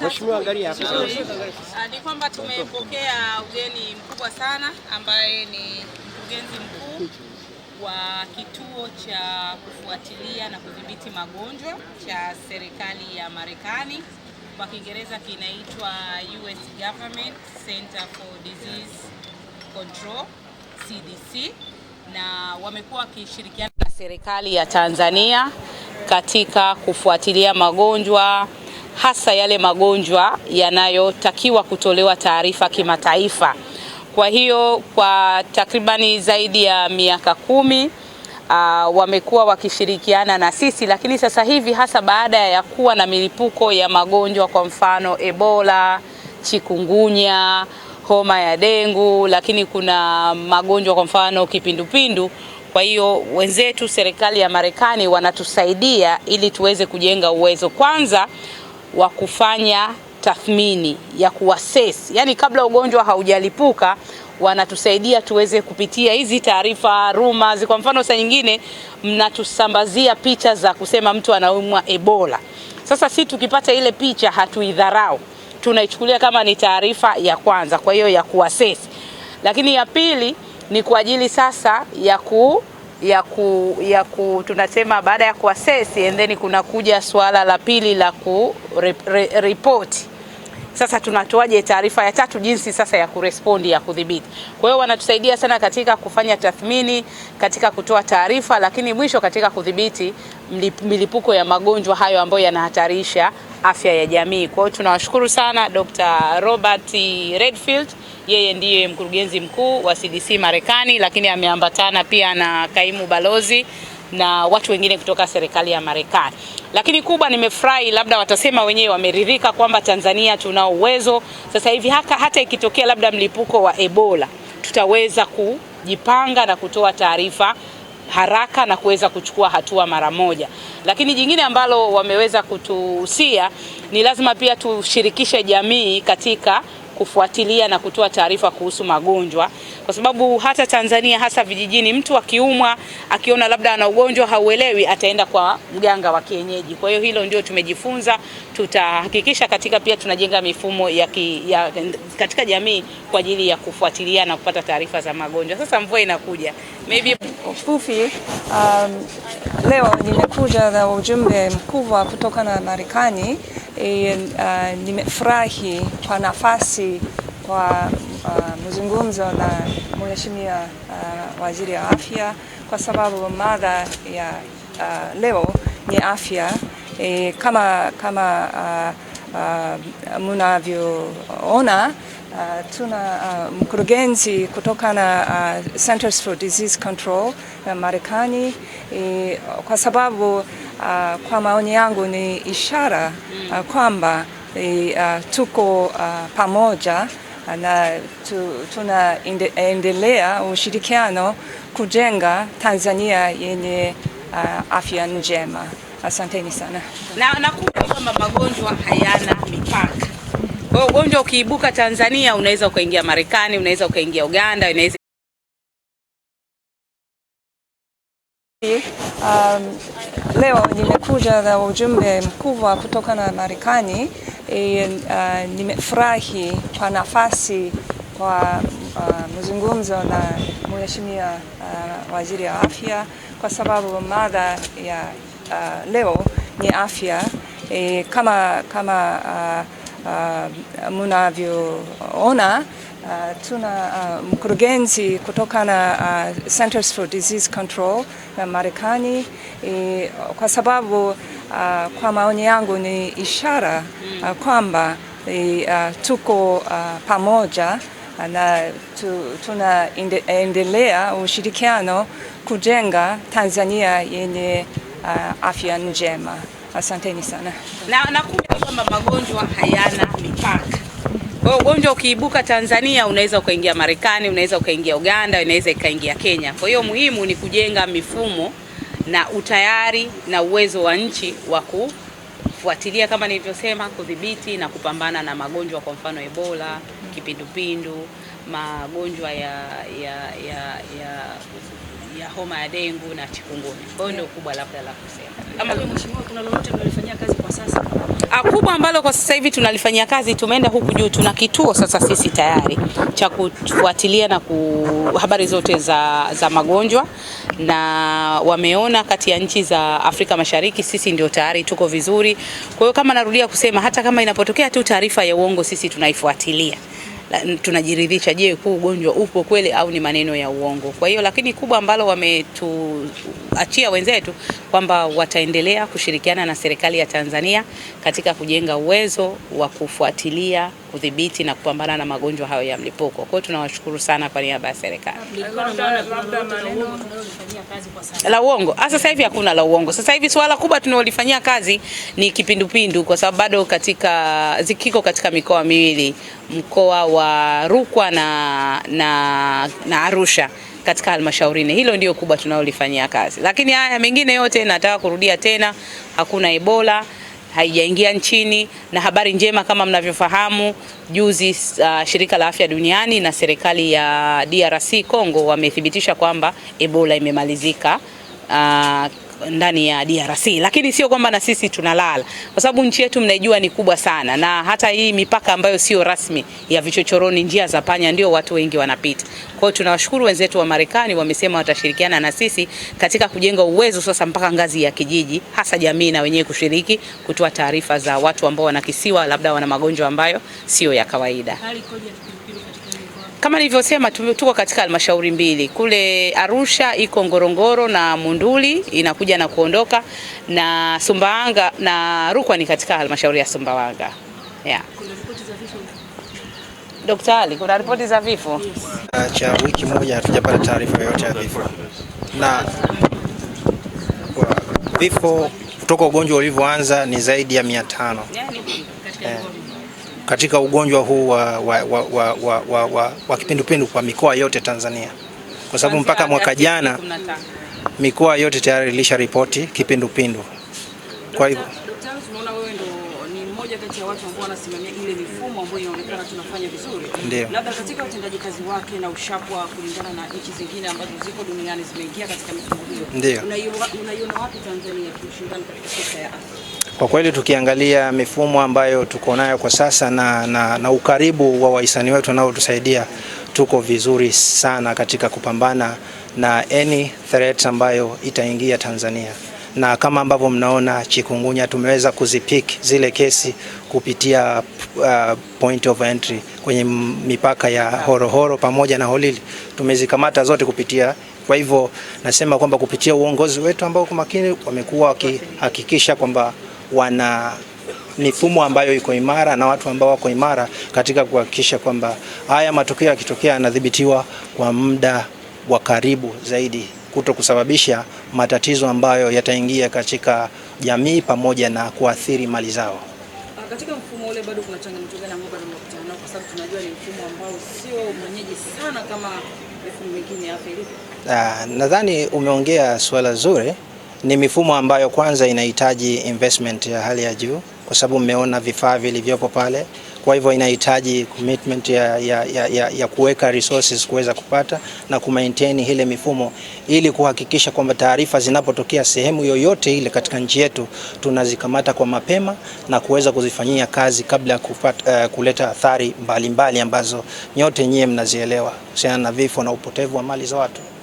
Mheshimiwa, angalia hapa. Ah, ni kwamba tumepokea ugeni mkubwa sana ambaye ni mkurugenzi mkuu wa kituo cha kufuatilia na kudhibiti magonjwa cha serikali ya Marekani, kwa Kiingereza kinaitwa US Government Center for Disease Control CDC, na wamekuwa wakishirikiana na serikali ya Tanzania katika kufuatilia magonjwa hasa yale magonjwa yanayotakiwa kutolewa taarifa kimataifa. Kwa hiyo kwa takribani zaidi ya miaka kumi Uh, wamekuwa wakishirikiana na sisi, lakini sasa hivi hasa baada ya kuwa na milipuko ya magonjwa kwa mfano Ebola, chikungunya, homa ya dengu, lakini kuna magonjwa kwa mfano kipindupindu. Kwa hiyo wenzetu serikali ya Marekani wanatusaidia ili tuweze kujenga uwezo kwanza wa kufanya tathmini ya kuassess, yani kabla ugonjwa haujalipuka wanatusaidia tuweze kupitia hizi taarifa rumors. Kwa mfano, saa nyingine mnatusambazia picha za kusema mtu anaumwa Ebola. Sasa si tukipata ile picha hatuidharau, tunaichukulia kama ni taarifa ya kwanza, kwa hiyo ya kuassess. Lakini ya pili ni kwa ajili sasa ya ku ya ku, ya ku tunasema baada ya kuassess and then kuna kuja swala la pili la ku re, re, report. Sasa tunatoaje taarifa ya tatu, jinsi sasa ya kurespondi ya kudhibiti. Kwa hiyo wanatusaidia sana katika kufanya tathmini, katika kutoa taarifa, lakini mwisho katika kudhibiti milipuko ya magonjwa hayo ambayo yanahatarisha afya ya jamii. Kwa hiyo tunawashukuru sana Dr. Robert Redfield yeye ndiye mkurugenzi mkuu wa CDC Marekani, lakini ameambatana pia na kaimu balozi na watu wengine kutoka serikali ya Marekani. Lakini kubwa nimefurahi, labda watasema wenyewe wameridhika kwamba Tanzania tuna uwezo sasa hivi haka, hata ikitokea labda mlipuko wa Ebola tutaweza kujipanga na kutoa taarifa haraka na kuweza kuchukua hatua mara moja. Lakini jingine ambalo wameweza kutuhusia ni lazima pia tushirikishe jamii katika kufuatilia na kutoa taarifa kuhusu magonjwa, kwa sababu hata Tanzania hasa vijijini, mtu akiumwa akiona labda ana ugonjwa hauelewi, ataenda kwa mganga wa kienyeji. Kwa hiyo hilo ndio tumejifunza, tutahakikisha katika pia tunajenga mifumo ya, ki, ya katika jamii kwa ajili ya kufuatilia na kupata taarifa za magonjwa. Sasa mvua inakuja maybe fupi um, leo nimekuja na ujumbe mkubwa kutoka na Marekani e, uh, nimefurahi kwa nafasi kwa uh, mzungumzo na mheshimiwa uh, waziri wa afya kwa sababu mada ya uh, leo ni afya e, kama, kama uh, uh, mnavyoona Uh, tuna uh, mkurugenzi kutoka na uh, Centers for Disease Control uh, Marekani e, kwa sababu uh, kwa maoni yangu ni ishara uh, kwamba e, uh, tuko uh, pamoja uh, na tu, tunaendelea ushirikiano kujenga Tanzania yenye uh, afya njema. Asanteni sana na, na kwamba magonjwa hayana mipaka kwa hiyo ugonjwa ukiibuka Tanzania unaweza ukaingia Marekani, unaweza ukaingia Uganda, unaweza Um, leo nimekuja na ujumbe mkubwa kutoka na Marekani e, uh, nimefurahi kwa nafasi kwa uh, mzungumzo na mheshimiwa uh, waziri wa afya kwa sababu mada ya uh, leo ni afya e, kama, kama uh, uh, mnavyoona uh, tuna uh, mkurugenzi kutoka na uh, Centers for Disease Control na Marekani e, kwa sababu uh, kwa maoni yangu ni ishara uh, kwamba e, uh, tuko uh, pamoja uh, na tu, tunaendelea ushirikiano kujenga Tanzania yenye uh, afya njema. Asanteni sana na, na kwamba magonjwa hayana mipaka. Kwa hiyo ugonjwa ukiibuka Tanzania unaweza ukaingia Marekani, unaweza ukaingia Uganda, unaweza ikaingia Kenya. Kwa hiyo muhimu ni kujenga mifumo na utayari na uwezo wa nchi wa kufuatilia kama nilivyosema, kudhibiti na kupambana na magonjwa, kwa mfano Ebola, kipindupindu, magonjwa ya, ya, homa ya dengu na chikungunya. Kwa hiyo ndio kubwa labda la kusema. Kama mheshimiwa, kuna lolote mnalifanyia kazi kwa sasa? Ah, kubwa ambalo kwa sasa hivi tunalifanyia kazi, tumeenda huku juu, tuna kituo sasa sisi tayari cha kufuatilia na ku habari zote za, za magonjwa na wameona kati ya nchi za Afrika Mashariki sisi ndio tayari tuko vizuri. Kwa hiyo kama narudia kusema, hata kama inapotokea tu taarifa ya uongo, sisi tunaifuatilia tunajiridhisha, je, huu ugonjwa upo kweli au ni maneno ya uongo? Kwa hiyo lakini kubwa ambalo wametuachia wenzetu kwamba wataendelea kushirikiana na serikali ya Tanzania katika kujenga uwezo wa kufuatilia kudhibiti na kupambana na magonjwa hayo ya mlipuko. Kwa hiyo tunawashukuru sana kwa niaba ya serikali. La uongo ah, sasa hivi hakuna la uongo. Sasa hivi swala kubwa tunaolifanyia kazi ni kipindupindu, kwa sababu bado katika zikiko katika mikoa miwili, mkoa wa Rukwa na, na, na Arusha katika halmashauri nne. Hilo ndio kubwa tunaolifanyia kazi, lakini haya mengine yote nataka kurudia tena, hakuna Ebola haijaingia nchini, na habari njema kama mnavyofahamu, juzi uh, shirika la afya duniani na serikali ya DRC Congo wamethibitisha kwamba Ebola imemalizika uh, ndani ya DRC, lakini sio kwamba na sisi tunalala, kwa sababu nchi yetu mnaijua ni kubwa sana, na hata hii mipaka ambayo sio rasmi ya vichochoroni, njia za panya, ndio watu wengi wanapita. Kwa hiyo tunawashukuru wenzetu wa Marekani, wamesema watashirikiana na sisi katika kujenga uwezo sasa mpaka ngazi ya kijiji, hasa jamii na wenyewe kushiriki kutoa taarifa za watu ambao wanakisiwa labda wana magonjwa ambayo sio ya kawaida. Kama nilivyosema tuko katika halmashauri mbili kule Arusha iko Ngorongoro na Munduli inakuja na kuondoka na Sumbawanga na Rukwa ni katika halmashauri ya Sumbawanga. Yeah. Daktari, Ali, kuna ripoti za vifo yes. Cha wiki moja hatujapata taarifa yoyote ya vifo na vifo kutoka ugonjwa ulivyoanza ni zaidi ya mia tano yeah katika ugonjwa huu wa, wa, wa, wa, wa, wa, wa, wa kipindupindu kwa mikoa yote Tanzania, kwa sababu mpaka mwaka jana mikoa yote tayari ilisha ripoti kipindupindu. Kwa hivyo kati ya watu ambao wanasimamia ile mifumo ambayo inaonekana tunafanya vizuri, Ndiyo. labda katika utendaji kazi wake na ushapwa kulingana na nchi zingine ambazo ziko duniani zimeingia katika mifumo hiyo, Ndiyo. unaiona wapi Tanzania kushindana katika sekta ya afya? Kwa kweli tukiangalia mifumo ambayo tuko nayo kwa sasa na, na, na ukaribu wa wahisani wetu wanaotusaidia, tuko vizuri sana katika kupambana na any threat ambayo itaingia Tanzania na kama ambavyo mnaona chikungunya tumeweza kuzipiki zile kesi kupitia uh, point of entry kwenye mipaka ya Horohoro pamoja na Holili tumezikamata zote kupitia. Kwa hivyo nasema kwamba kupitia uongozi wetu ambao kwa makini wamekuwa wakihakikisha kwamba wana mifumo ambayo iko imara na watu ambao wako imara katika kuhakikisha kwamba haya matukio yakitokea yanadhibitiwa kwa muda wa karibu zaidi kuto kusababisha matatizo ambayo yataingia katika jamii pamoja na kuathiri mali zao. Ah, katika mfumo ule bado kuna changamoto gani ambazo tunakutana nazo, kwa sababu tunajua ni mfumo ambao sio mwenyeji sana kama mifumo mingine hapa ilivyo? Ah, nadhani umeongea suala zuri. Ni mifumo ambayo kwanza inahitaji investment ya hali ya juu kwa sababu mmeona vifaa vilivyopo pale. Kwa hivyo inahitaji commitment ya, ya, ya, ya kuweka resources kuweza kupata na kumaintain ile mifumo ili kuhakikisha kwamba taarifa zinapotokea sehemu yoyote ile katika nchi yetu tunazikamata kwa mapema na kuweza kuzifanyia kazi kabla ya uh, kuleta athari mbalimbali ambazo nyote nyie mnazielewa kuhusiana na vifo na upotevu wa mali za watu.